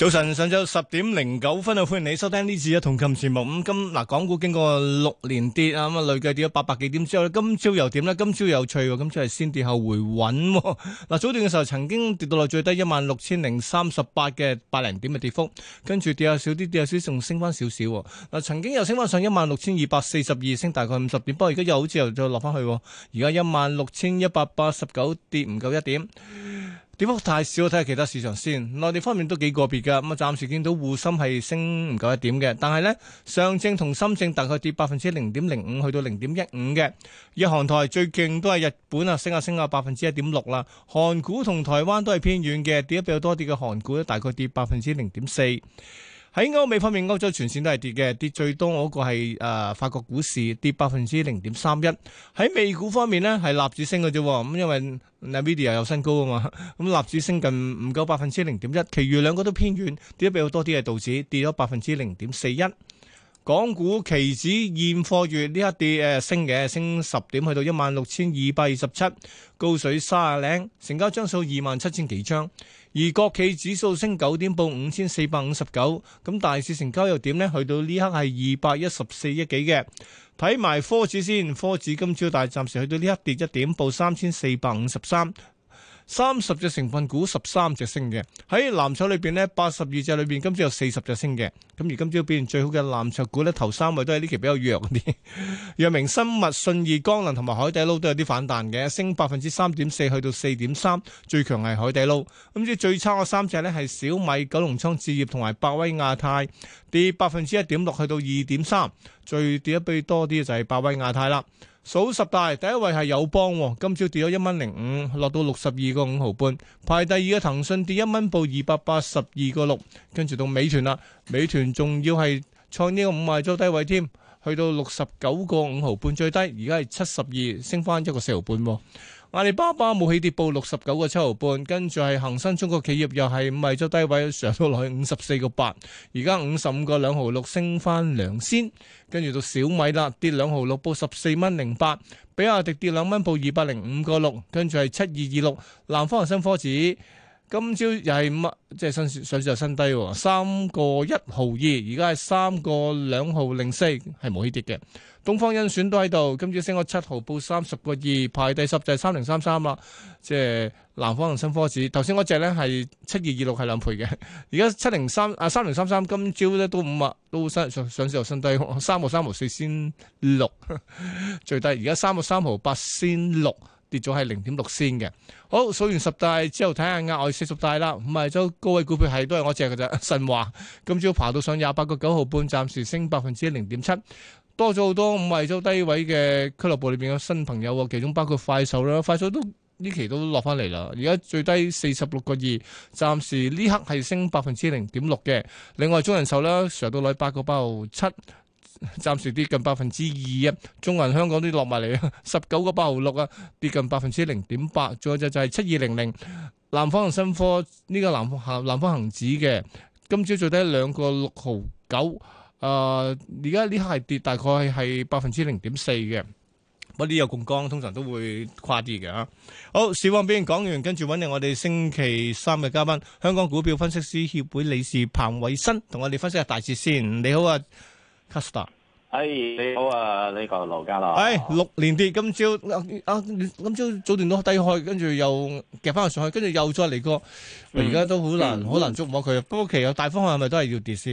早晨，上晝十點零九分啊，歡迎你收聽呢次嘅一桶金節目。咁今嗱、啊，港股經過六連跌啊，咁、嗯、啊累計跌咗八百幾點之後咧，今朝又點呢？今朝有趣喎、哦，今朝係先跌後回穩、哦。嗱、啊，早段嘅時候曾經跌到落最低一萬六千零三十八嘅八零點嘅跌幅，跟住跌下少啲，跌下少啲，仲升翻少少。嗱、啊，曾經又升翻上一萬六千二百四十二，升大概五十點，不過而家又好似又再落翻去、哦，而家一萬六千一百八十九，跌唔夠一點。跌幅太少，睇下其他市場先。內地方面都幾個別嘅，咁啊暫時見到滬深係升唔夠一點嘅，但係呢上證同深證大概跌百分之零點零五，去到零點一五嘅。日韓台最勁都係日本啊，升啊升啊百分之一點六啦。韓股同台灣都係偏遠嘅，跌得比較多啲嘅韓股咧大概跌百分之零點四。喺歐美方面，歐洲全線都係跌嘅，跌最多嗰個係誒法國股市跌百分之零點三一。喺美股方面呢係納指升嘅啫，咁因為 Nvidia 有新高啊嘛，咁納指升近唔夠百分之零點一，其餘兩個都偏軟，跌得比較多啲係道指，跌咗百分之零點四一。港股期指現貨月呢一刻跌誒升嘅，升十點去到一萬六千二百二十七，高水三啊零，成交張數二萬七千幾張。而國企指數升九點，報五千四百五十九，咁大市成交又點呢？去到呢刻係二百一十四億幾嘅。睇埋科指先，科指今朝大暫時去到呢一刻跌一點，報三千四百五十三。三十隻成分股，十三隻升嘅。喺藍籌裏邊呢，八十二隻裏邊，今朝有四十隻升嘅。咁而今朝表現最好嘅藍籌股呢，頭三位都係呢期比較弱啲。藥 明生物、信義光能同埋海底撈都有啲反彈嘅，升百分之三點四，去到四點三。最強係海底撈。咁即最差嘅三隻呢，係小米、九龍倉置業同埋百威亞太，跌百分之一點六，去到二點三。最跌一倍多啲就係百威亞太啦。數十大第一位係友邦，今朝跌咗一蚊零五，落到六十二個五毫半。排第二嘅騰訊跌一蚊，報二百八十二個六。跟住到美團啦，美團仲要係創呢個五萬租低位添，去到六十九個五毫半最低，而家係七十二，升翻一個四毫半。阿里巴巴冇起跌，報六十九個七毫半，跟住係恒生中國企業又係維咗低位，上到落去五十四個八，而家五十五個兩毫六，升翻兩仙。跟住到小米啦，跌兩毫六，報十四蚊零八，比亞迪跌兩蚊，報二百零五個六，跟住係七二二六，南方恒生科指。今朝又係五啊，即係新上市又新低喎，三個一毫二，而家係三個兩毫零四，係冇起跌嘅。東方甄選都喺度，今朝升咗七毫，報三十個二，排第十就係三零三三啦。即係南方恆生科指，頭先嗰隻咧係七二二六係兩倍嘅，而家七零三啊三零三三今朝咧都五啊，33, 都升上上市又新低，三毫三毫四先六最低，而家三毫三毫八先六。跌咗係零點六仙嘅。好，數完十大之後睇下額外四十大啦，五十周高位股票係都係我隻嘅咋。神華今朝爬到上廿八個九毫半，暫時升百分之零點七，多咗好多五十周低位嘅俱樂部裏邊嘅新朋友啊，其中包括快手啦，快手都呢期都落翻嚟啦，而家最低四十六個二，暫時呢刻係升百分之零點六嘅。另外中人壽啦，上到嚟八個八毫七。暫時跌近百分之二啊，中銀香港都落埋嚟啊，十九個八毫六啊，跌近百分之零點八。仲有隻就係七二零零南方新科呢個南方，南方恒指嘅，今朝最低兩個六毫九，誒，而家呢刻係跌大概係百分之零點四嘅，呢啲有槓桿通常都會跨啲嘅吓。好，小王邊講完，跟住揾定我哋星期三嘅嘉賓，香港股票分析師協會理事彭偉新，同我哋分析下大事先。你好啊。custard，你好啊，呢個盧家樂，哎，六年跌，今朝阿、啊、今朝早段都低開，跟住又夾翻上去，跟住又,又再嚟個，而家都好難，好、嗯、難捉摸佢。不過其實大方向，係咪都係要跌先？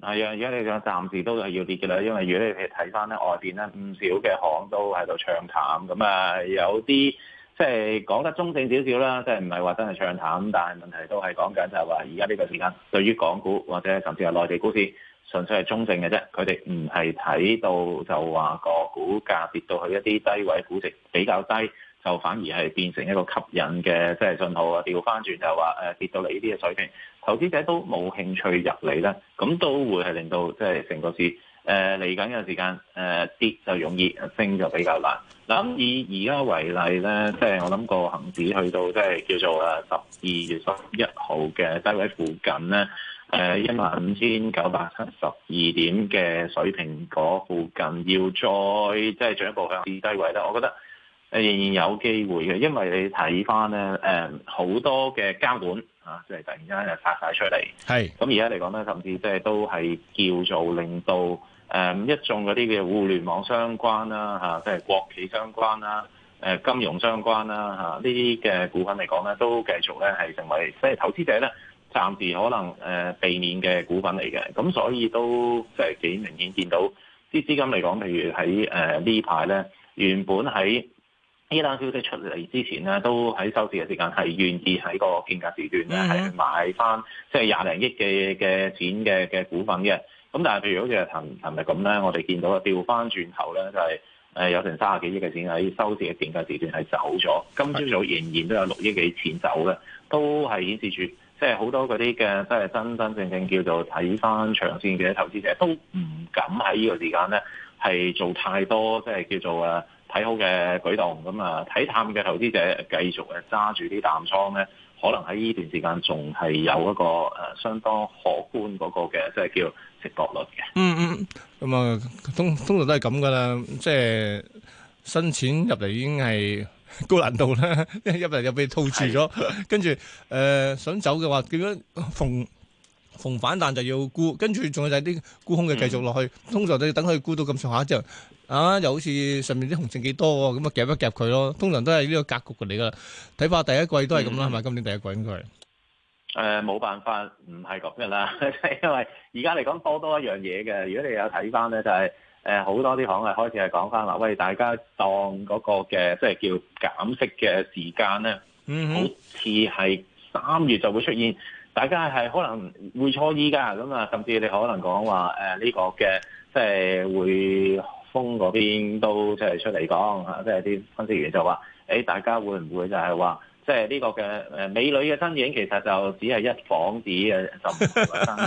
係啊，而家你想暫時都係要跌嘅啦。因為如果你譬如睇翻咧外邊咧，唔少嘅行都喺度唱淡。咁啊有啲即係講得中性少少啦，即係唔係話真係唱淡，但係問題都係講緊就係話，而家呢個時間對於港股或者甚至係內地股市。純粹係中正嘅啫，佢哋唔係睇到就話個股價跌到去一啲低位，估值比較低，就反而係變成一個吸引嘅即係信號啊，調翻轉就話誒跌到嚟呢啲嘅水平，投資者都冇興趣入嚟咧，咁都會係令到即係成個市誒嚟緊嘅時間誒跌就容易，升就比較難。嗱，以而家為例咧，即係我諗個恆指去到即係叫做啊十二月十一號嘅低位附近咧。誒一萬五千九百七十二點嘅水平嗰附近，要再即係進一步向市低位咧，我覺得誒仍然有機會嘅，因為你睇返咧誒好多嘅監管啊，即係突然間就發晒出嚟，係咁而家嚟講咧，甚至即係都係叫做令到誒一眾嗰啲嘅互聯網相關啦嚇，即係國企相關啦、誒金融相關啦嚇，呢啲嘅股份嚟講咧，都繼續咧係成為即係投資者咧。暫時可能誒避免嘅股份嚟嘅，咁、嗯、所以都即係幾明顯見到啲資金嚟講，譬如喺誒、呃、呢排咧，原本喺呢單消息出嚟之前咧，都喺收市嘅時間係願意喺個競價時段咧係買翻即係廿零億嘅嘅錢嘅嘅股份嘅。咁但係譬如好似係琴琴日咁咧，我哋見到啊，掉翻轉頭咧就係誒有成三十幾億嘅錢喺收市嘅競價時段係走咗。今朝早仍然都有六億幾錢走嘅，都係顯示住。即係好多嗰啲嘅，即係真真正正叫做睇翻長線嘅投資者，都唔敢喺呢個時間咧，係做太多即係叫做誒睇好嘅舉動。咁啊，睇淡嘅投資者繼續誒揸住啲淡倉咧，可能喺呢段時間仲係有一個誒相當可觀嗰個嘅，即係叫市局率嘅。嗯。嗯嗯，咁啊，通通常都係咁噶啦，即係新錢入嚟已經係。高難度啦，一日又被套住咗，跟住誒想走嘅話，點樣逢逢反彈就要沽，跟住仲有就係啲沽空嘅繼續落去，通常都要等佢沽到咁上下之後，啊又好似上面啲紅線幾多喎，咁啊夾一夾佢咯，通常都係呢個格局嚟噶啦。睇法第一季都係咁啦，係咪今年第一季應該係？誒冇辦法，唔係咁噶啦，因為而家嚟講多多一樣嘢嘅。如果你有睇翻咧，就係。誒好多啲行啊，開始係講翻啦。喂，大家當嗰個嘅即係叫減息嘅時間咧，好似係三月就會出現。大家係可能會錯意㗎，咁啊，甚至你可能講話誒呢個嘅即係會封嗰邊都即係出嚟講，即係啲分析員就話：誒、欸，大家會唔會就係話，即係呢個嘅誒美女嘅身影其實就只係一房子嘅， 就真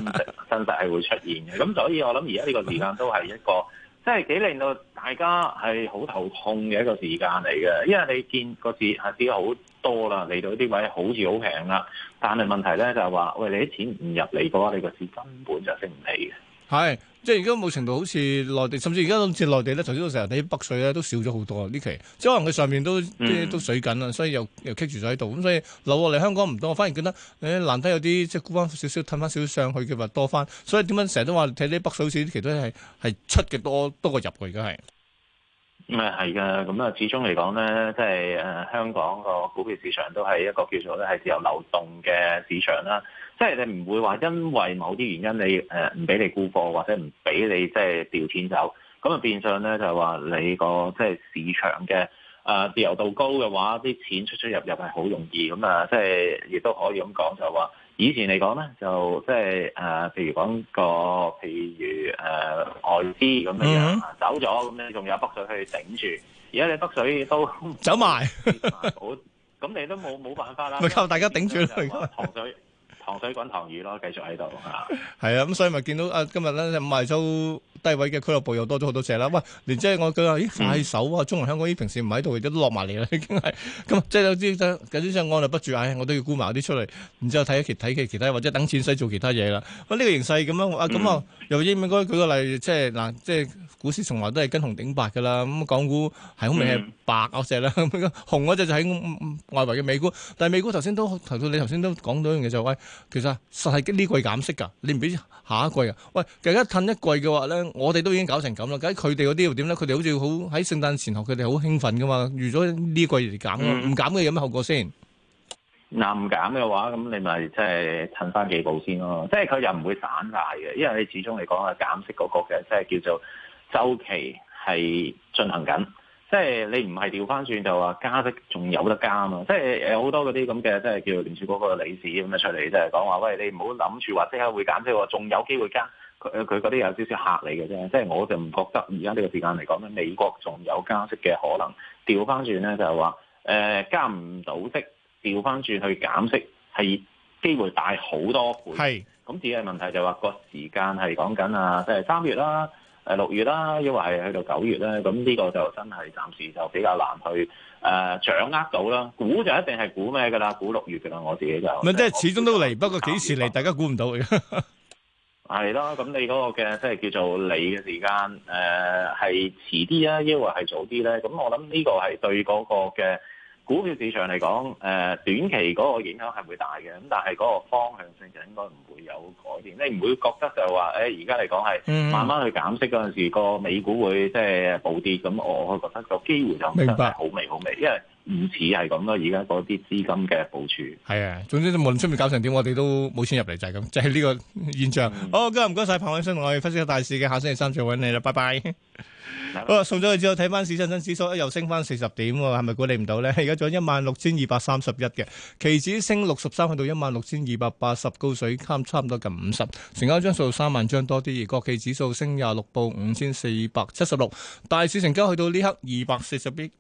真實係會出現嘅。咁所以我諗而家呢個時間都係一個。 即係幾令到大家係好頭痛嘅一個時間嚟嘅，因為你見個市下跌好多啦，嚟到啲位好似好平啦，但係問題咧就係話，喂，你啲錢唔入嚟嘅話，你個市根本就升唔起嘅。係，即係而家某程度好似內地，甚至而家好似內地咧。頭先都成日睇北水咧，都少咗好多呢期。即係可能佢上面都、嗯、都水緊啦，所以又又棘住咗喺度。咁所以流落嚟香港唔多，我反而覺得誒、哎、難得有啲即係沽翻少少，褪翻少少上去嘅話多翻。所以點樣成日都話睇啲北水好似呢期都係係出嘅多多過入去，而家係。咁啊係㗎，咁啊始終嚟講咧，即係誒香港個股票市場都係一個叫做咧係自由流動嘅市場啦。即係你唔會話因為某啲原因你誒唔俾你沽貨，或者唔俾你即係掉錢走，咁啊變相咧就係話你個即係市場嘅啊自由度高嘅話，啲錢出出入入係好容易，咁啊即係亦都可以咁講就話。以前嚟講咧，就即係誒，譬如講個譬如誒、呃、外資咁樣、mm hmm，走咗，咁你仲有北水去頂住。而家你北水都走埋了，咁 你都冇冇辦法啦。咪靠 為大家頂住啦，糖水。 糖水滾糖魚咯，繼續喺度嚇。係啊，咁、啊、所以咪見到啊，今日咧五萬收低位嘅俱樂部又多咗好多隻啦。喂，連即係我佢話，咦快手啊，er, 中環香港啲平時唔喺度，而家都落埋嚟啦，已經係咁。即係有啲想有啲想按捺不住眼，我都要沽埋啲出嚟，然之後睇其睇其其他或者等錢使做其他嘢啦。喂，呢個形勢咁、嗯 min 啊、樣咁啊又應唔應該舉個例，即係嗱，即係股市從來都係跟紅頂白噶啦。咁港股係好明顯白我隻啦，紅嗰隻就喺、呃呃呃、外圍嘅美股。但係美股頭先都頭你頭先都講到一樣嘢就係。其實實係呢季減息噶，你唔俾下一季噶、啊。喂，大家褪一季嘅話咧，我哋都已經搞成咁啦。咁佢哋嗰啲又點咧？佢哋好似好喺聖誕前後，佢哋好興奮噶嘛。預咗呢季嚟減，唔、嗯、減嘅有咩後果先？嗱、啊，唔減嘅話，咁你咪即係褪翻幾步先咯。即係佢又唔會散晒嘅，因為你始終嚟講係減息嗰個嘅，即係叫做週期係進行緊。即係你唔係調翻轉就話加息仲有得加嘛。即係誒好多嗰啲咁嘅，即係叫聯儲嗰個理事咁樣出嚟，即係講話，喂，你唔好諗住或者會減息仲有機會加。佢，佢嗰啲有少少嚇你嘅啫。即係我就唔覺得而家呢個時間嚟講咧，美國仲有加息嘅可能。調翻轉咧就係話，誒、呃、加唔到息，調翻轉去減息係機會大好多倍。係是。咁只係問題就話個時間係講緊啊，即係三月啦。誒六月啦，抑或係去到九月咧，咁呢個就真係暫時就比較難去誒、呃、掌握到啦。估就一定係估咩㗎啦？估六月㗎啦，我自己就。唔係是，即係始終都嚟，不過幾時嚟，大家估唔到嘅。係 咯，咁你嗰個嘅即係叫做嚟嘅時間誒，係、呃、遲啲啊，抑或係早啲咧？咁我諗呢個係對嗰個嘅，股票市場嚟講，誒、呃、短期嗰個影響係會大嘅，咁但係嗰個方向性就應該唔會有改變。你唔會覺得就話，誒而家嚟講係慢慢去減息嗰陣時，個美股會即係暴跌。咁我我覺得個機會就真係好微好微，因為唔似係咁咯。而家嗰啲資金嘅部署，係啊，總之無論出面搞成點，我哋都冇錢入嚟就係咁，就係、是、呢、就是、個現象。嗯、好，今日唔該晒彭偉新同我哋分析大市嘅，下星期三再搵你啦，拜拜。好啦，送咗佢之後，睇翻市新新指數又升翻四十點喎，係咪估你唔到呢？而家仲有一萬六千二百三十一嘅，期指升六十三去到一萬六千二百八十，高水差差唔多近五十，成交張數三萬張多啲，而國企指數升廿六報五千四百七十六，大市成交去到呢刻二百四十億。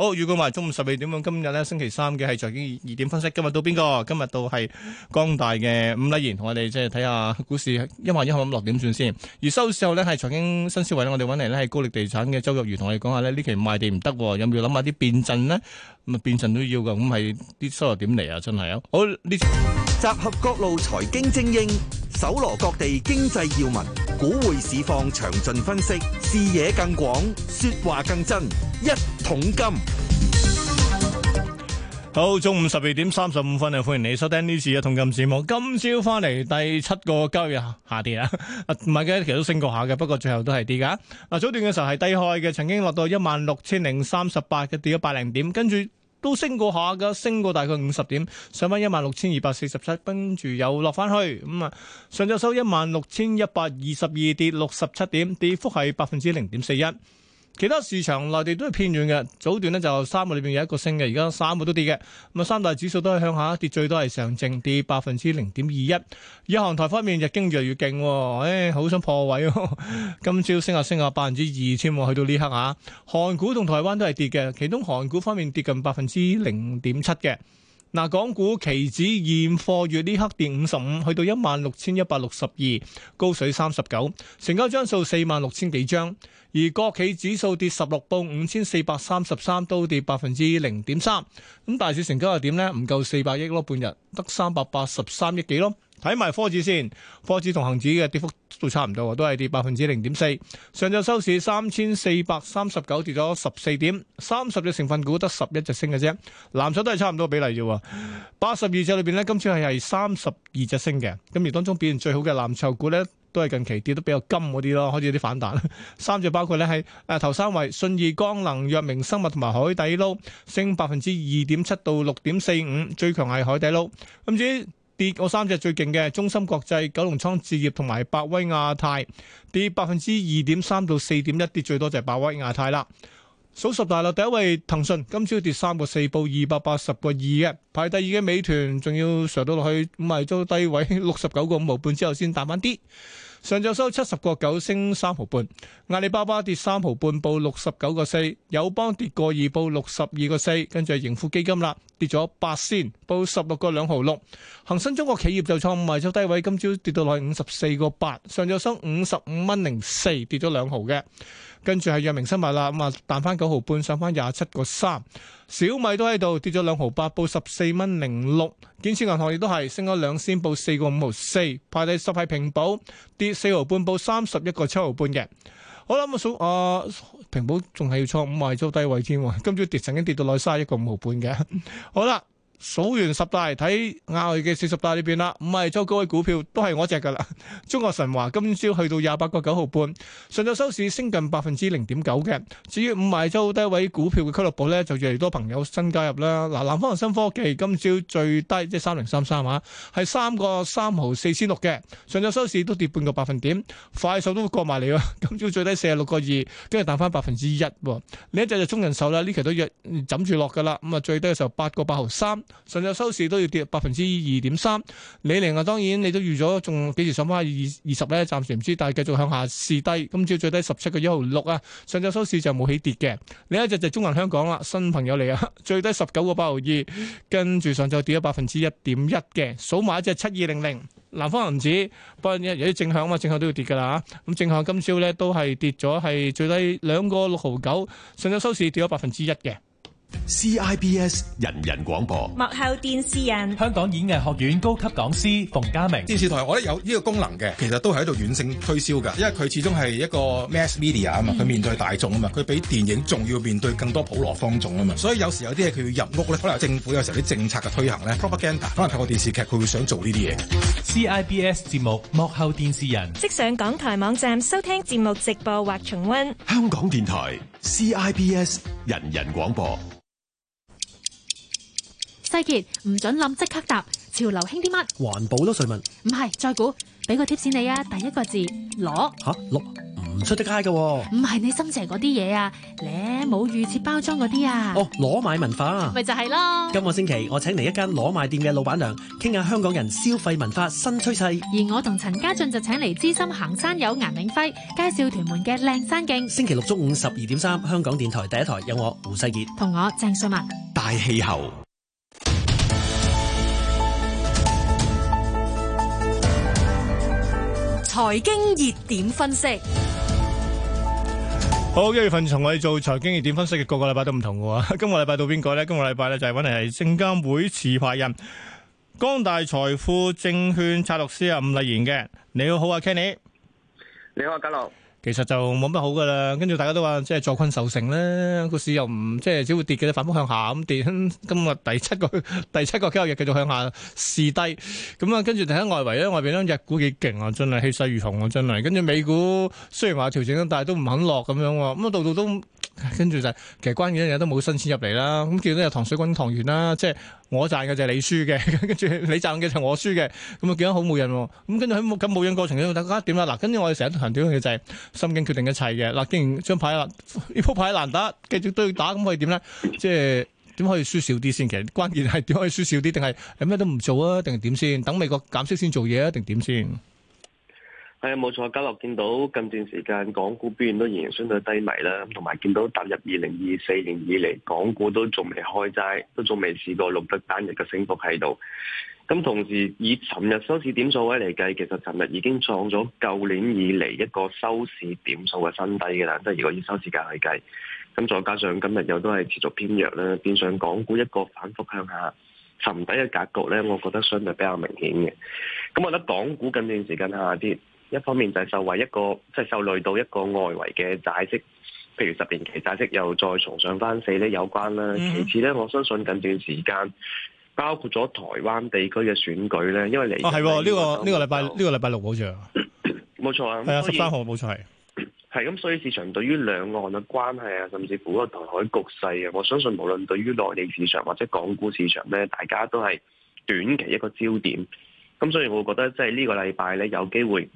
好，預告埋中午十二點。今日咧星期三嘅係財經二點分析。今日到邊個？今日到係光大嘅伍禮賢，同我哋即係睇下股市一萬一毫咁落點算先。而收市後咧係財經新思維咧，我哋揾嚟咧係高力地產嘅周玉如，同我哋講下咧呢期賣地唔得，有冇要諗下啲變陣咧？咁啊變陣都要噶，咁係啲收入點嚟啊？真係啊！好，呢集合各路財經精英，搜羅各地經濟要聞，股匯市況詳盡分析，視野更廣，說話更真。一桶金，好，中午十二點三十五分啊！歡迎你收聽呢次嘅一桶金市望。今朝翻嚟，第七個交易日下跌啊，唔係嘅，其實都升過下嘅，不過最後都係跌噶。嗱，早段嘅時候係低開嘅，曾經落到一萬六千零三十八嘅，跌咗百零點，跟住。都升過下㗎，升過大概五十點，上返一萬六千二百四十七，跟住又落返去。咁啊，上晝收一萬六千一百二十二，跌六十七點，跌幅係百分之零點四一。其他市場內地都係偏軟嘅，早段咧就三個裏邊有一個升嘅，而家三個都跌嘅。咁啊三大指數都係向下跌，最多係上證，跌百分之零點二一。以韓台方面，日經就越勁、哦，唉，好想破位喎、哦！ 今朝升下升下百分之二添、哦。喎，去到呢刻嚇、啊。韓股同台灣都係跌嘅，其中韓股方面跌近百分之零點七嘅。嗱，港股期指現貨月呢刻跌五十五，去到一萬六千一百六十二，高水三十九，成交張數四萬六千幾張。而國企指數跌十六，報五千四百三十三，都跌百分之零點三。咁大市成交又點呢？唔夠四百億咯，半日得三百八十三億幾咯。睇埋科指先，科指同恒指嘅跌幅都差唔多，都係跌百分之零點四。上晝收市三千四百三十九，跌咗十四點，三十隻成分股得十一隻升嘅啫。藍籌都係差唔多比例啫。八十二隻裏邊呢，今次係係三十二隻升嘅，咁而當中表現最好嘅藍籌股呢，都係近期跌得比較金嗰啲咯，開始有啲反彈。三隻包括呢係誒、啊、頭三位，信義光能、藥明生物同埋海底撈，升百分之二點七到六點四五，最強係海底撈。今朝。跌嗰三隻最勁嘅，中心國際、九龍倉置業同埋百威亞太，跌百分之二點三到四點一，跌最多就係百威亞太啦。數十大啦，第一位騰訊，今朝跌三個四報二百八十個二嘅，排第二嘅美團仲要上到落去唔係租低位六十九個五毫半之後先彈翻啲。上晝收七十個九，升三毫半。阿里巴巴跌三毫半，報六十九個四。友邦跌個二，報六十二個四。跟住係盈富基金啦，跌咗八仙，報十六個兩毫六。恒生中國企業就創賣咗低位，今朝跌到落去五十四個八。上晝收五十五蚊零四，跌咗兩毫嘅。跟住係藥明生物啦，咁啊彈翻九毫半，上翻廿七個三。小米都喺度跌咗兩毫八，2，報十四蚊零六。建設銀行亦都係升咗兩仙，報四個五毫四。排第十係平保跌四毫半，報三十一個七毫半嘅。好啦，我數啊，平保仲係要錯五賣咗低位添，今朝跌曾經跌到卅一個五毫半嘅。好啦。數完十大睇亞洲嘅四十大呢邊啦，五賣周高位股票都係我隻噶啦。中國神華今朝去到廿八個九毫半，上晝收市升近百分之零點九嘅。至於五賣周低位股票嘅俱樂部咧，就越嚟越多朋友新加入啦。嗱，南方恒生科技今朝最低即係三零三三啊，係三個三毫四千六嘅，上晝收市都跌半個百分點。快手都過埋嚟啊，今朝最低四十六個二，跟住彈翻百分之一。另一隻就中人壽啦，呢期都約枕住落噶啦，咁、呃、啊、呃呃呃、最低嘅時候八個八毫三。上晝收市都要跌百分之二點三，李寧啊，當然你都預咗，仲幾時上翻二二十咧？暫時唔知，但係繼續向下試低。今朝最低十七個一毫六啊！上晝收市就冇起跌嘅。另一隻就中銀香港啦，新朋友嚟啊！最低十九個八毫二，跟住上晝跌咗百分之一點一嘅。數埋一隻七二零零南方銀紙，不過有啲正向啊嘛，正向都要跌㗎啦嚇。咁正向今朝咧都係跌咗，係最低兩個六毫九。上晝收市跌咗百分之一嘅。CIBS 人人廣播幕後電視人，香港演藝學院高級講師馮家明。電視台我覺得有呢個功能嘅，其實都係喺度軟性推銷噶，因為佢始終係一個 mass media 啊嘛，佢、嗯、面對大眾啊嘛，佢比電影仲要面對更多普羅大眾啊嘛，所以有時有啲嘢佢要入屋咧，可能政府有時候啲政策嘅推行咧、mm hmm.，propaganda，可能透過電視劇佢會想做呢啲嘢。CIBS 節目幕後電視人，即上港台網站收聽節目直播或重溫。香港電台 CIBS 人，人人廣播。世傑唔准諗，即刻答。潮流興啲乜？環保咯，瑞文。唔係，再估，俾個貼士你啊！第一個字，攞吓，攞唔出得街嘅。唔係你心邪嗰啲嘢啊，咧冇預設包裝嗰啲啊。哦，攞買文化，咪就係咯。今個星期我請嚟一間攞買店嘅老闆娘，傾下香港人消費文化新趨勢。而我同陳家俊就請嚟資深行山友顏永輝，介紹屯門嘅靚山徑。星期六中午十二點三，香港電台第一台，有我胡世傑，同我鄭瑞文，大氣候。財經熱點分析，好一月份從我哋做財經熱點分析嘅，個 個禮拜都唔同嘅喎。今個禮拜到邊個咧？今個禮拜咧就係揾嚟係證監會持牌人光大財富證券策略師啊，伍麗賢嘅。你好、啊，好啊，Kenny。你好，嘉樂。其實就冇乜好噶啦，跟住大家都話即係坐困愁城啦，股市又唔即係只會跌嘅啦，反覆向下咁跌。今日第七個第七個交易日繼續向下試低，咁啊跟住睇下外圍咧，外邊咧日股幾勁啊，真係氣勢如虹啊，真係。跟住美股雖然話調整緊，但係都唔肯落咁樣喎，咁啊度度都。跟住就係，其實關鍵一嘢都冇新錢入嚟啦，咁見到有塘水滾塘魚啦，即係我賺嘅就係你輸嘅，跟住你賺嘅就係我輸嘅，咁啊見到好冇癮喎，咁跟住喺冇咁無癮過程咧，大家點啊？嗱，跟住我哋成日都強調嘅就係心境決定一切嘅，嗱，既然張牌啦，呢鋪牌難打，繼續都要打咁可以點咧？即係點可以輸少啲先？其實關鍵係點可以輸少啲，定係係咩都唔做啊？定係點先？等美國減息先做嘢啊？定點先？係啊，冇錯。家樂見到近段時間港股表現都仍然相對低迷啦，同埋見到踏入二零二四年以嚟，港股都仲未開齋，都仲未試過錄得單日嘅升幅喺度。咁同時以尋日收市點數位嚟計，其實尋日已經創咗舊年以嚟一個收市點數嘅新低㗎喇，即係如果以收市價去計。咁再加上今日又都係持續偏弱啦，變相港股一個反覆向下尋底嘅格局咧，我覺得相對比較明顯嘅。咁我覺得港股近段時間下跌，一方面就係受惠一個，即、就、係、是、受累到一個外圍嘅債息，譬如十年期債息又再重上返四厘有關啦。嗯、其次咧，我相信近段時間包括咗台灣地區嘅選舉咧，因為你啊呢個呢個禮拜呢、呢個禮拜六好似，冇咳咳錯啊，係啊以以十三號冇錯係，係咁，所以市場對於兩岸嘅關係啊，甚至乎個台海局勢啊，我相信無論對於內地市場或者港股市場咧，大家都係短期一個焦點。咁所以我覺得即係呢個禮拜咧，有機會。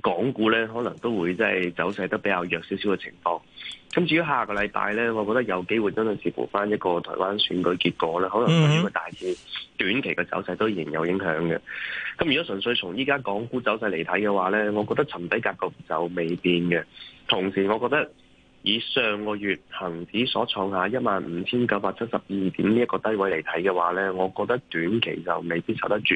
港股咧，可能都會即係走勢得比較弱少少嘅情況。咁至於下個禮拜咧，我覺得有機會真係視乎返一個台灣選舉結果咧，可能對大市短期嘅走勢都仍有影響嘅。咁如果純粹從依家港股走勢嚟睇嘅話咧，我覺得沉底格局就未變嘅。同時，我覺得以上個月恒指所創下一萬五千九百七十二點呢一個低位嚟睇嘅話咧，我覺得短期就未必守得住。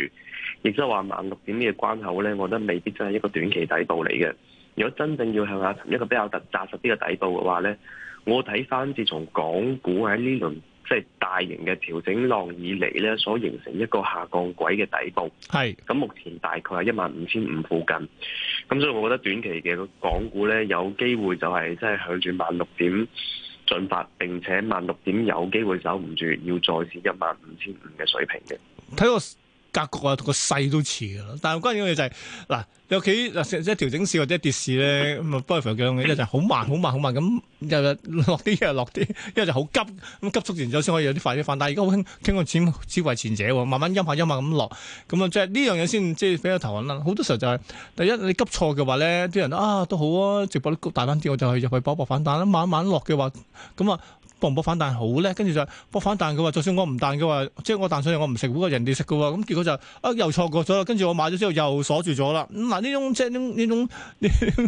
亦都係話萬六點呢個關口呢，我覺得未必真係一個短期底部嚟嘅。如果真正要向下尋一個比較特紮實啲嘅底部嘅話呢，我睇翻自從港股喺呢輪即係、就是、大型嘅調整浪以嚟呢，所形成一個下降軌嘅底部，係咁是目前大概係一萬五千五附近。咁所以，我覺得短期嘅港股呢，有機會就係即係向住萬六點進發，並且萬六點有機會守唔住，要再次一萬五千五嘅水平嘅。睇個。格局啊同個勢都似嘅咯，但係關鍵嘅嘢就係、是、嗱，尤其嗱，即係調整市或者跌市咧，咁啊 b u f 嘅一樣嘢，一就係好慢，好慢，好慢，咁日日落啲又落啲，一就好急，咁急速完咗先可以有啲快啲反彈。但而家傾傾個錢，只為前者喎，慢慢陰下陰下咁落，咁啊，即係呢樣嘢先即係比較頭暈啦。好多時候就係、是、第一你急錯嘅話咧，啲人都啊都好啊，直播啲股大翻啲，我就去入去搏一搏反彈啦。慢慢落嘅話，咁啊。搏唔搏反彈好咧，跟住就搏反彈。嘅話就算我唔彈，嘅話即係我彈上嚟，我唔食喎，人哋食噶喎。咁結果就啊又錯過咗啦。跟住我買咗之後又鎖住咗啦。嗱、嗯、呢種即係呢種呢種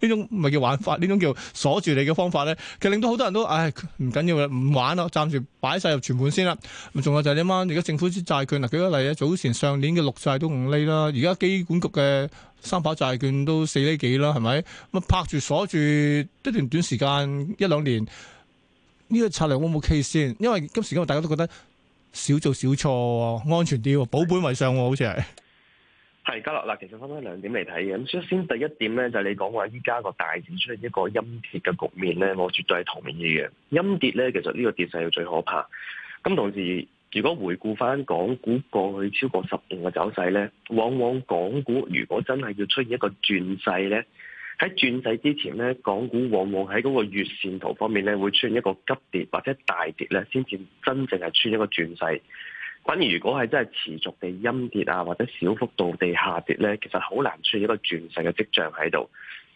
呢種咪叫玩法，呢種叫鎖住你嘅方法咧。其實令到好多人都唉，唔緊要啦，唔玩咯，暫時擺晒入存款先啦。咁仲有就係點啊？而家政府債券嗱，舉個例啊，早前上年嘅六債都五厘啦，而家機管局嘅三跑債券都四厘幾啦，係咪咁啊？拍住鎖住一段短時間一兩年。呢個策略安唔 OK 先？因為今時今日大家都覺得少做少錯，啊，安全啲，啊，保本為上，啊，好似係。係，嘉樂嗱，其實分開兩點嚟睇嘅。咁先，第一點咧就係你講話依家個大市出現一個陰跌嘅局面咧，我絕對係同意嘅。陰跌咧，其實呢個跌勢係最可怕。咁同時，如果回顧翻港股過去超過十年嘅走勢咧，往往港股如果真係要出現一個轉勢咧。喺轉勢之前咧，港股往往喺嗰個月線圖方面咧，會出現一個急跌或者大跌咧，先至真正係出現一個轉勢。反而如果係真係持續地陰跌啊，或者小幅度地下跌咧，其實好難出現一個轉勢嘅跡象喺度。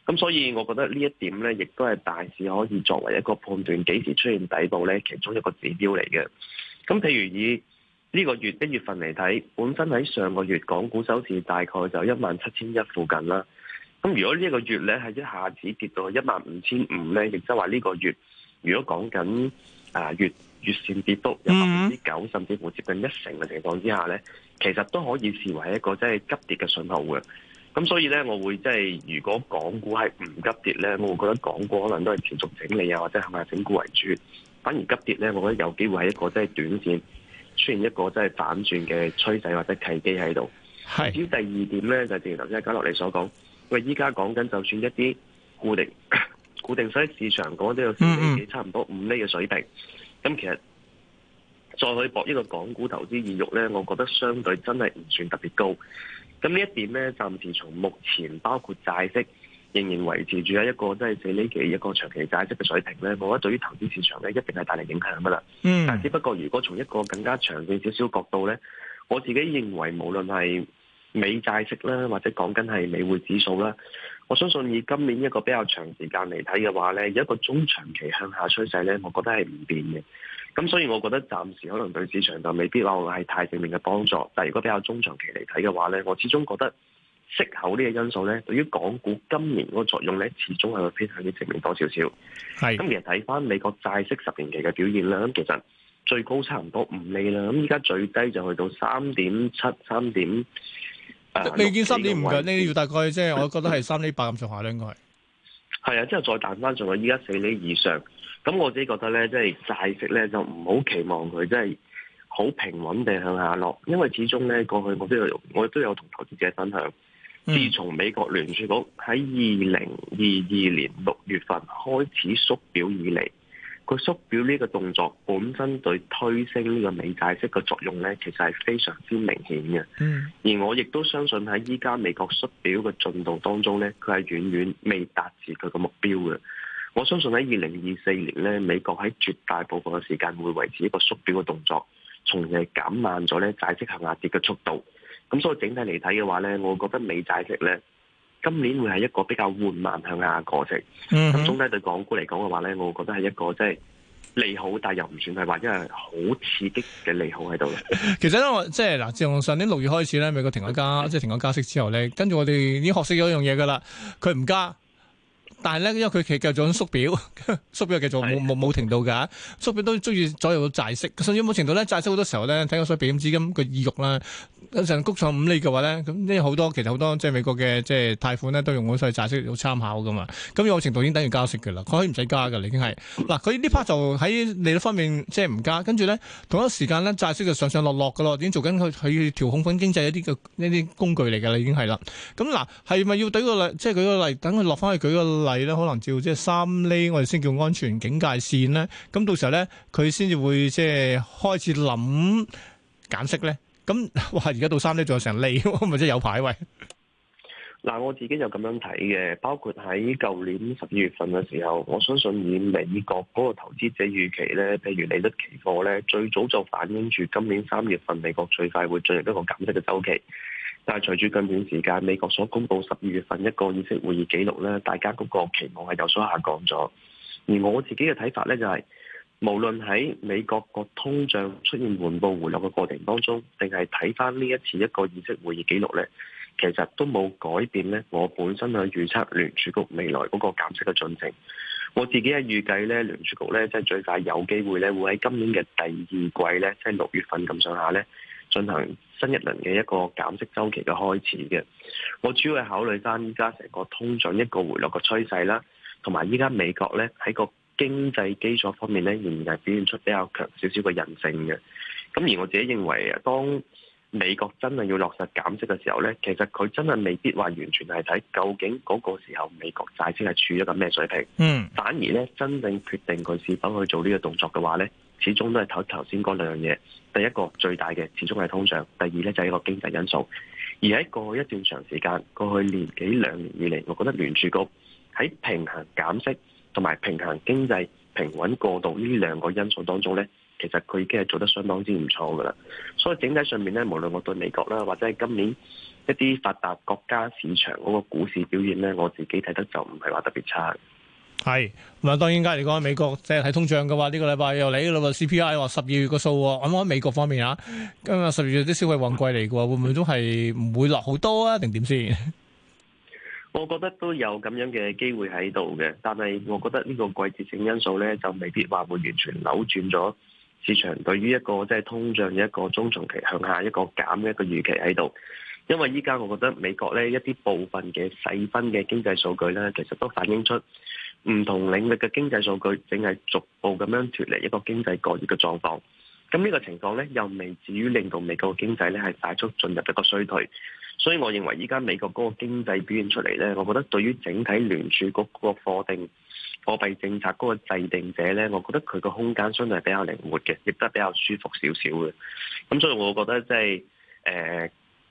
咁所以，我覺得呢一點咧，亦都係大致可以作為一個判斷幾時出現底部咧，其中一個指標嚟嘅。咁譬如以呢個月一月份嚟睇，本身喺上個月港股收市大概就一萬七千一附近啦。咁如果呢一個月咧係一下子跌到一萬五千五咧，亦即係話呢個月如果講緊啊月月線跌有百分之九，甚至乎接近一成嘅情況之下咧，其實都可以視為一個即係急跌嘅信號嘅。咁所以咧，我會即係如果港股係唔急跌咧，我會覺得港股可能都係持續整理啊，或者係咪整固為主。反而急跌咧，我覺得有機會係一個即係短線出現一個即係反轉嘅趨勢或者契機喺度。係至於第二點咧，就正如頭先阿嘉樂你所講。因為，依家講緊就算一啲固定固定收益市場講都有四釐幾，hmm. 差唔多五釐嘅水平，咁其實再去博一個港股投資意欲咧，我覺得相對真係唔算特別高。咁呢一點咧，暫時從目前包括債息仍然維持住喺一個即係四釐幾一個長期債息嘅水平咧，我覺得對於投資市場咧一定係帶嚟影響噶啦。Mm hmm. 但只不過如果從一個更加長遠少少角度咧，我自己認為無論係美債息啦，或者講緊係美匯指數啦，我相信以今年一個比較長時間嚟睇嘅話呢，有一個中長期向下趨勢呢，我覺得係唔變嘅。咁所以，我覺得暫時可能對市場就未必話係太正面嘅幫助。但係如果比較中長期嚟睇嘅話呢，我始終覺得息口呢個因素呢，對於港股今年嗰個作用呢，始終係會偏向於正面多少少。係是。咁其實睇翻美國債息十年期嘅表現咧，其實最高差唔多五厘啦。咁依家最低就去到三點七、三點。未、嗯、見三厘唔緊，呢 要大概即係，我覺得係三厘八咁上下咧，應該係。係啊，之後再彈翻上去，依家四厘以上。咁我自己覺得咧，即係債息咧就唔好期望佢，即係好平穩地向下落，因為始終咧過去我都有，我都有同投資者分享，自從美國聯儲局喺二零二二年六月份開始縮表以嚟。佢縮表呢個動作本身對推升呢個美債息嘅作用呢，其實係非常之明顯嘅。嗯，而我亦都相信喺依家美國縮表嘅進度當中呢，佢係遠遠未達至佢嘅目標嘅。我相信喺二零二四年呢，美國喺絕大部分嘅時間會維持一個縮表嘅動作，從而減慢咗呢債息向下跌嘅速度。咁所以整體嚟睇嘅話呢，我覺得美債息呢，今年會係一個比較緩慢向下嘅過程，咁總體對港股嚟講嘅話咧，我會覺得係一個即係利好，但又唔算係話即係好刺激嘅利好喺度。其實咧，我即係嗱，自從上年六月開始咧，美國停咗加，即係停咗加息之後咧，跟住我哋已經學識咗一樣嘢噶啦，佢唔加。但係咧，因為佢其實繼續做縮表，縮表又繼續冇冇停到㗎，縮表都中意左右債息。甚至某程度咧，債息好多時候呢，睇個所備金資金嘅意欲啦。成谷上五厘嘅話呢，咁呢好多其實好多即係美國嘅即係貸款呢，都用嗰個所謂債息做參考㗎嘛。咁有程度已經等於加息㗎啦，佢可以唔使加㗎啦，已經係嗱佢呢 part 就喺利率方面即係唔加，跟住呢，同一時間呢，債息就上上落落㗎咯。已經做緊佢調控緊經濟一啲嘅啲工具嚟㗎啦，已經係啦。咁嗱係咪要舉個例？即係舉個例，等佢落翻去舉個例。係啦，可能照即係三厘，我哋先叫安全警戒線咧。咁到時候咧，佢先至會即係開始諗減息咧。咁哇，而家到三厘仲有成厘，咁咪即係有排位。嗱，啊，我自己就咁樣睇嘅，包括喺舊年十二月份嘅時候，我相信以美國嗰個投資者預期咧，譬如利率期貨咧，最早就反映住今年三月份美國最快會進入一個減息嘅周期。但係隨住近段時間，美國所公布十二月份一個議息會議記錄咧，大家嗰個期望係有所下降咗。而我自己嘅睇法咧，就是，就係無論喺美國個通脹出現緩步回落嘅過程當中，定係睇翻呢一次一個議息會議記錄咧，其實都冇改變咧。我本身嘅預測聯儲局未來嗰個減息嘅進程，我自己嘅預計咧，聯儲局咧即係最快有機會咧，會喺今年嘅第二季咧，即係六月份咁上下咧。進行新一輪嘅一個減息周期嘅開始嘅，我主要係考慮翻依家成個通脹一個回落嘅趨勢啦，同埋依家美國呢喺個經濟基礎方面呢仍然係表現出比較強少少嘅韌性嘅。咁而我自己認為啊，當美國真係要落實減息嘅時候呢，其實佢真係未必話完全係睇究竟嗰個時候美國債先係處於一個咩水平。嗯，反而呢，真正決定佢是否去做呢個動作嘅話呢。始終都係睇頭先嗰兩樣嘢，第一個最大嘅始終係通脹，第二咧就係一個經濟因素。而喺過去一段長時間，過去年幾兩年以嚟，我覺得聯儲局喺平衡減息同埋平衡經濟平穩過渡呢兩個因素當中咧，其實佢已經係做得相當之唔錯㗎喇。所以整體上面咧，無論我對美國啦，或者係今年一啲發達國家市場嗰個股市表現咧，我自己睇得就唔係話特別差。係，咁啊當然，家你講喺美國即係睇通脹嘅話，呢個禮拜又嚟啦喎，CPI 話十二月個數，咁我喺美國方面啊，今日十二月啲消費旺季嚟嘅話，會唔會都係唔會落好多啊？定點先？我覺得都有咁樣嘅機會喺度嘅，但係我覺得呢個季節性因素咧，就未必話會完全扭轉咗市場對於一個即係通脹嘅一個中長期向下一個減嘅一個預期喺度，因為依家我覺得美國咧一啲部分嘅細分嘅經濟數據咧，其實都反映出。唔同領域嘅經濟數據正係逐步咁樣脫離一個經濟過熱嘅狀況。咁呢個情況呢，又未至於令到美國嘅經濟呢係快速進入一個衰退。所以，我認為依家美國嗰個經濟表現出嚟呢，我覺得對於整體聯儲局個貨定貨幣政策嗰個制定者呢，我覺得佢個空間相對係比較靈活嘅，亦都係比較舒服少少嘅。咁所以我、即係呃，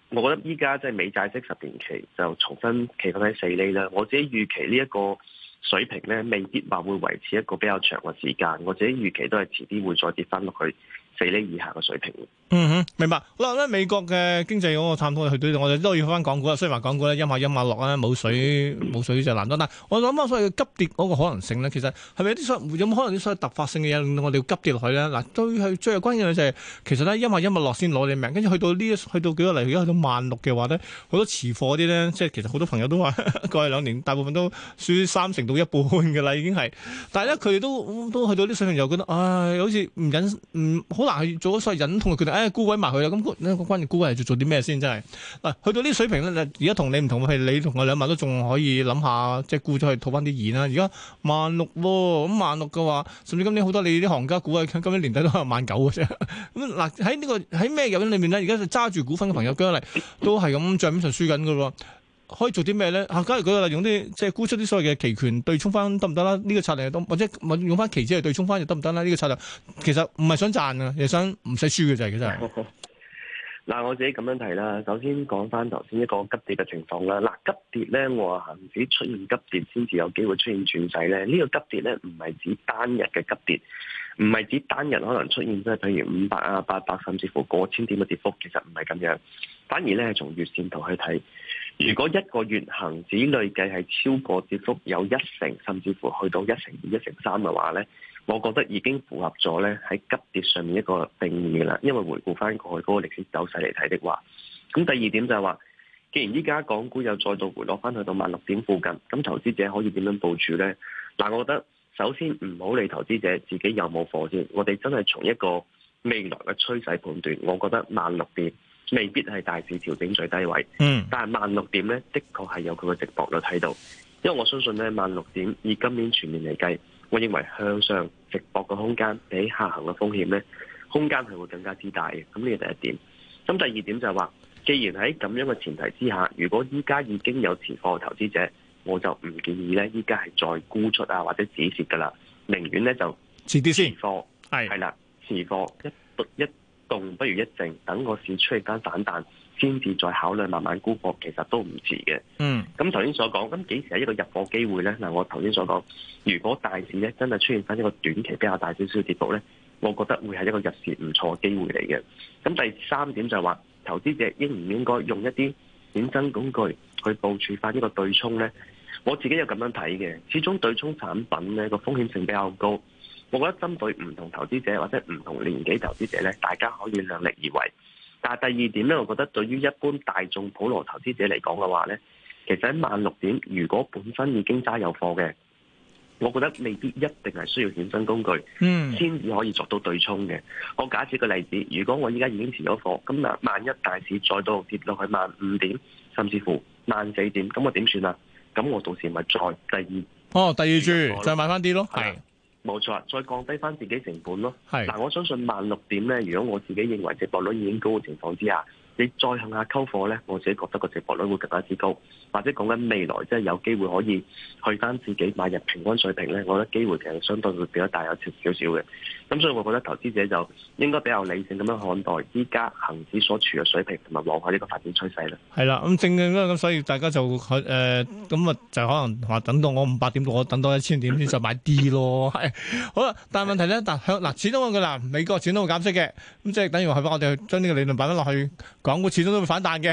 我覺得即係誒，我覺得依家即係美債息十年期就重新企翻喺四厘啦。我自己預期呢、這、一個。水平咧，未必話會維持一個比較長嘅時間，或者預期都係遲啲會再跌翻落去四厘以下嘅水平。嗯哼，明白。嗱咧，美國嘅經濟嗰個探討，去到我哋都要翻港股啦。雖然話港股咧，陰下陰下落啦，冇水冇水就難得。但我諗下，所謂急跌嗰個可能性咧，其實係咪有啲所謂？有冇可能啲所謂突發性嘅嘢令到我哋要急跌落去咧？嗱，最係最關鍵嘅就係其實咧，陰下陰下落先攞你命，跟住去到呢去到幾多嚟？如果去到萬六嘅話咧，好多持貨啲咧，即係其實好多朋友都話過去兩年大部分都輸三成到一半嘅啦，已經係。但係咧，佢哋都都去到啲水平，又覺得唉，好似唔忍唔好難去做所謂忍痛。估、哎、位埋去啦，咁、嗯、關關估沽位做做啲咩先真係，嗱去到呢水平咧，而家同你唔同，譬如你同我兩萬都仲可以諗下，即係沽咗去套翻啲現啦。而家萬六，咁萬六嘅話，甚至今年好多你啲行家估啊，今年年底都可能萬九嘅啫。咁 嗱，喺、這個、呢個喺咩入面咧？而家就揸住股份嘅朋友，舉嚟都係咁賬面上輸緊嘅咯。可以做啲咩咧？嚇，假如佢話用啲即係沽出啲所謂嘅期權對沖翻得唔得啦？呢、這個策略都或者用用翻期指去對沖翻又得唔得啦？呢、這個策略其實唔係想賺想 啊，係想唔使輸嘅就係其實。嗱，我自己咁樣提啦。首先講翻頭先一個急跌嘅情況啦。嗱、啊，急跌咧，我話恒指出現急跌先至有機會出現轉勢咧。呢、這個急跌咧，唔係指單日嘅急跌，唔係指單日可能出現即係譬如五百啊、八百甚至乎過千點嘅跌幅，其實唔係咁樣。反而咧，從月線圖去睇。如果一個月恒指累計係超過跌幅有一成，甚至乎去到一成二、一成三嘅話呢，我覺得已經符合咗呢喺急跌上面一個定義啦。因為回顧翻過去嗰個歷史走勢嚟睇的話，咁第二點就係話，既然依家港股又再度回落翻去到萬六點附近，咁投資者可以點樣部署呢？嗱，我覺得首先唔好理投資者自己有冇貨先，我哋真係從一個未來嘅趨勢判斷，我覺得萬六點未必係大市調整最低位，但係萬六點咧，的確係有佢個值博率喺度。因為我相信咧，萬六點以今年全年嚟計，我認為向上值博嘅空間比下行嘅風險咧，空間係會更加之大嘅。咁呢個第一點。咁第二點就係話，既然喺咁樣嘅前提之下，如果依家已經有持貨嘅投資者，我就唔建議咧，依家係再沽出啊，或者止蝕㗎啦。寧願咧就持啲先。持貨係係啦，持貨一一。一動不如一靜，等個市出現間反彈，先至再考慮慢慢沽貨，其實都唔遲嘅。嗯，咁頭先所講，咁幾時係一個入貨機會呢？嗱，我頭先所講，如果大市咧真係出現翻一個短期比較大少少嘅跌幅呢，我覺得會係一個入市唔錯嘅機會嚟嘅。咁第三點就係話，投資者應唔應該用一啲衍生工具去部署翻呢個對沖呢？我自己有咁樣睇嘅，始終對沖產品呢個風險性比較高。我覺得針對唔同投資者或者唔同年紀投資者咧，大家可以量力而為。但係第二點咧，我覺得對於一般大眾普羅投資者嚟講嘅話咧，其實喺萬六點，如果本身已經揸有貨嘅，我覺得未必一定係需要衍生工具，嗯，先至可以作到對沖嘅。我假設個例子，如果我依家已經持咗貨，咁萬萬一大市再度跌落去萬五點，甚至乎萬四點，咁我點算啊？咁我到時咪再第二？哦，第二注，再慢翻啲咯，係。冇錯，再降低返自己成本咯。但係我相信萬六點呢，如果我自己認為值博率已經高嘅情況之下，你再向下溝貨呢，我自己覺得個值博率會更加之高。或者講緊未來，即係有機會可以去翻自己買入平均水平咧，我覺得機會其實相對會比較大有點點，有少少嘅。咁所以，我覺得投資者就應該比較理性咁樣看待依家恒指所處嘅水平同埋往下呢個發展趨勢啦。係啦，咁正啊，咁所以大家就誒咁啊，呃、就可能話等到我五百點度，我等到一千點先就買啲咯。係， 好啦，但係問題咧，但係嗱，始終佢嗱美國始終都會減息嘅，咁即係等於係翻我哋去將呢個理論擺翻落去港股，始終都會反彈嘅。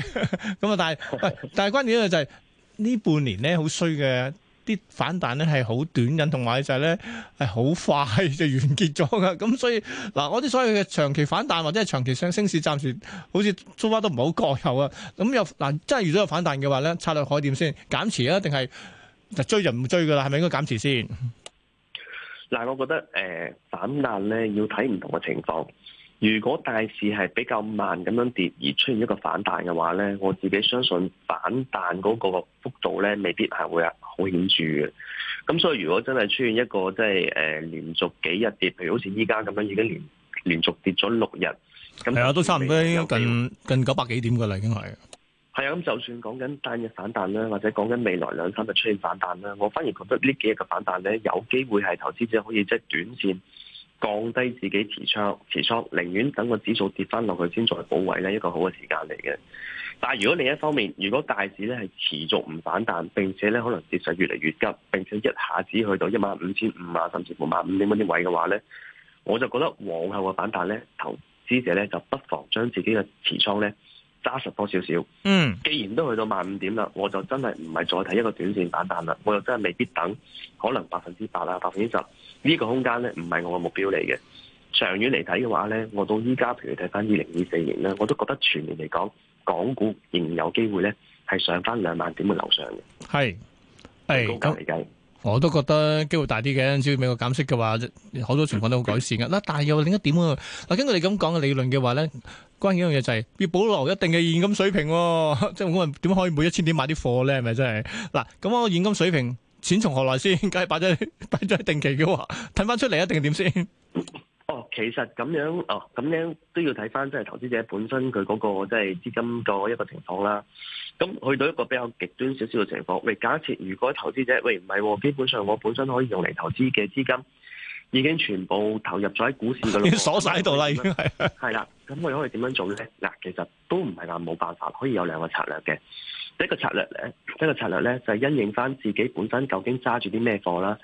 咁 啊，但係，但係關鍵咧就係、是。呢半年咧好衰嘅，啲反彈咧係好短，同埋就係咧係好快就完結咗噶。咁、 嗯、所以嗱，我哋所謂嘅長期反彈或者係長期上升市，暫時好似租翻都唔好過頭啊。咁、嗯、又，嗱，真係遇到有反彈嘅話咧，策略海點先？減持啊，定係追就唔追噶啦？係咪應該減持先？嗱，我覺得誒、呃、反彈咧要睇唔同嘅情況。如果大市係比較慢咁樣跌，而出現一個反彈嘅話呢，我自己相信反彈嗰個幅度呢未必係會啊好顯著嘅。咁所以如果真係出現一個即係誒連續幾日跌，譬如好似依家咁樣已經連連續跌咗六日，係啊，都差唔多近近九百幾點㗎啦，已經係。係啊，咁就算講緊單日反彈啦，或者講緊未來兩三日出現反彈啦，我反而覺得呢幾日嘅反彈呢，有機會係投資者可以即係、就是、短線。降低自己持倉，持倉寧願等個指數跌翻落去先再補位咧，一個好嘅時間嚟嘅。但係如果另一方面，如果大市咧係持續唔反彈，並且咧可能跌勢越嚟越急，並且一下子去到一萬五千五啊，甚至乎萬五點蚊啲位嘅話咧，我就覺得往後嘅反彈咧，投資者咧就不妨將自己嘅持倉咧。揸實多少少，嗯，既然都去到萬五點啦，我就真係唔係再睇一個短線反彈啦，我又真係未必等，可能百分之八啊，百分之十呢個空間咧，唔係我個目標嚟嘅。長遠嚟睇嘅話咧，我到依家譬如睇翻二零二四年咧，我都覺得全年嚟講，港股仍有機會咧係上翻兩萬點嘅樓上嘅，係，係嚟嘅。我都覺得機會大啲嘅，只要美國減息嘅話，好多情況都好改善嘅。嗱，但係又另一點啊，嗱，根據你咁講嘅理論嘅話咧。關鍵一樣嘢就係要保留一定嘅現、哦 啊、現金水平，即係我問點可以每一千點買啲貨咧？係咪真係？嗱，咁我現金水平錢從何來先？梗係擺喺擺喺定期嘅，睇 翻出嚟一定係點先？哦，其實咁樣哦，咁樣都要睇翻即係投資者本身佢嗰個即係資金個一個情況啦。咁去到一個比較極端少少嘅情況，喂，假設如果投資者喂唔係，基本上我本身可以用嚟投資嘅資金。已經全部投入咗喺股市嗰度，鎖晒喺度啦。係啦， 咁我可以點樣做咧？嗱，其實都唔係話冇辦法，可以有兩個策略嘅。第一個策略咧，一個策略咧就係、是、因應翻自己本身究竟揸住啲咩貨啦。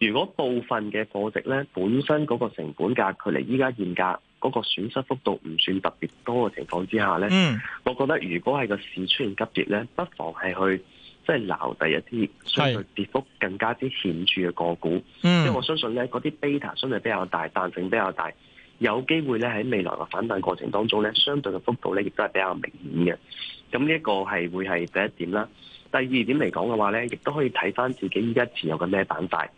如果部分嘅貨值咧，本身嗰個成本價距離依家現價嗰個損失幅度唔算特別多嘅情況之下咧，嗯、我覺得如果係個市出現急跌咧，不妨係去。即係撈第一啲相對跌幅更加之顯著嘅個股，即係是、嗯、我相信咧嗰啲 beta 相對比較大，彈性比較大，有機會咧喺未來嘅反彈過程當中咧，相對嘅幅度咧亦都係比較明顯嘅。咁呢一個係會係第一點啦。第二點嚟講嘅話咧，亦都可以睇返自己依家持有嘅咩板塊，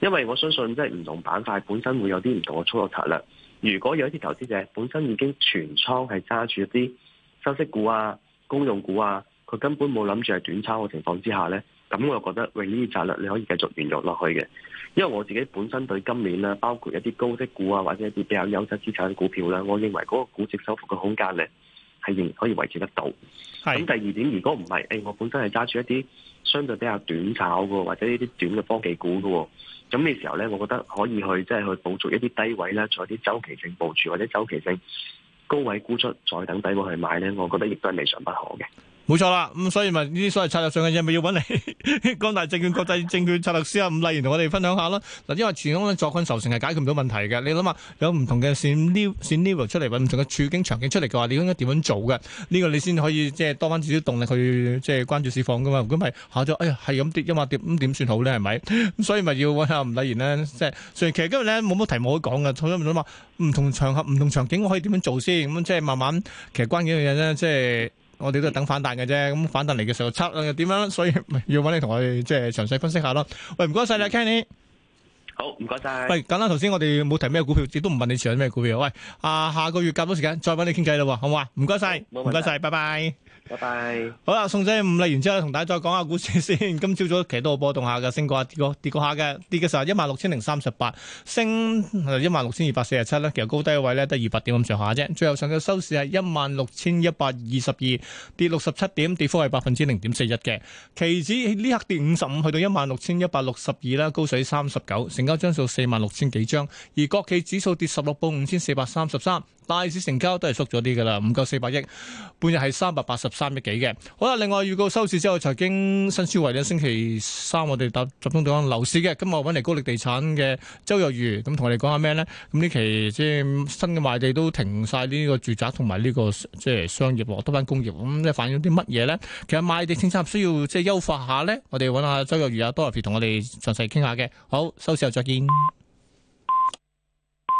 因為我相信即係唔同板塊本身會有啲唔同嘅操作策略。如果有一啲投資者本身已經全倉係揸住一啲收息股啊、公用股啊。佢根本冇諗住係短炒嘅情況之下呢，咁我又覺得喂呢啲策略你可以繼續沿用落去嘅，因為我自己本身對今年咧，包括一啲高息股啊，或者一啲比較優質資產嘅股票咧，啊，我認為嗰個估值收復嘅空間呢，係仍可以維持得到。咁是第二點，如果唔係，誒、哎、我本身係揸住一啲相對比較短炒嘅，或者一啲短嘅科技股嘅，咁嘅時候呢？我覺得可以去即係、就是、去補足一啲低位啦，做一啲周期性部署，或者周期性高位沽出，再等低位去買呢，我覺得亦都係未嘗不可嘅。冇錯啦，咁所以咪呢啲所謂策略上嘅嘢，咪要揾嚟光大證券、國際證券策略師啊，伍麗賢同我哋分享下咯。嗱，因為傳統嘅坐困愁城係解決唔到問題嘅。你諗下，有唔同嘅選 level 出嚟，揾唔同嘅處境場景出嚟嘅話，你應該點樣做嘅？呢個你先可以即係多翻少少動力去即係關注市況噶嘛如果唔係，吓咗，哎呀，係咁跌，咁啊跌，咁點算好咧？係咪？咁所以咪要揾下伍麗賢呢？即係，雖然其實今日咧冇乜題目可以講嘅，所以咪諗下唔同場合、唔同場景，我可以點樣做先？咁即係慢慢，其實關鍵嘅嘢咧，即係。即即我哋都係等反彈嘅啫，咁反彈嚟嘅時候，測量又點樣？所以要揾你同我哋即係詳細分析下咯。喂，唔該晒你 Kenny。好，唔該晒。喂，簡單，頭先我哋冇提咩股票，亦都唔問你持咩股票。喂，阿、呃、下個月夾到時間再搵你傾偈啦，好唔好啊？唔該晒，唔該晒，拜拜，拜拜。好啦，送仔五啦，然之後同大家再講下股市先。今朝早期都波動下嘅，升過跌過跌過下嘅，跌嘅時候一萬六千零三十八，升一萬六千二百四十七咧。其實高低位呢，得二百點咁上下啫。最後上嘅收市係一萬六千一百二十二，跌六十七點，跌幅係百分之零點四一嘅。期指呢刻跌五十五，去到一萬六千一百六十二啦，高水三十九。成交張數四萬六千幾張，而國企指數跌十六，報五千四百三十三。 大市成交都係縮咗啲噶啦，唔夠四百億。半日係三百八十三億幾嘅。好啦，另外預告收市之後財經新思維咧，星期三我哋搭集中講樓市嘅。今日揾嚟高力地產嘅周若瑜。咁同我哋講下咩咧？咁呢期即係新嘅賣地都停晒呢個住宅同埋呢個即係商業或多番工業，咁、嗯、即反映啲乜嘢咧？其實賣地政策需要即係優化下咧，我哋揾下周若瑜啊，多謝同我哋詳細傾下嘅。好，收市後再見。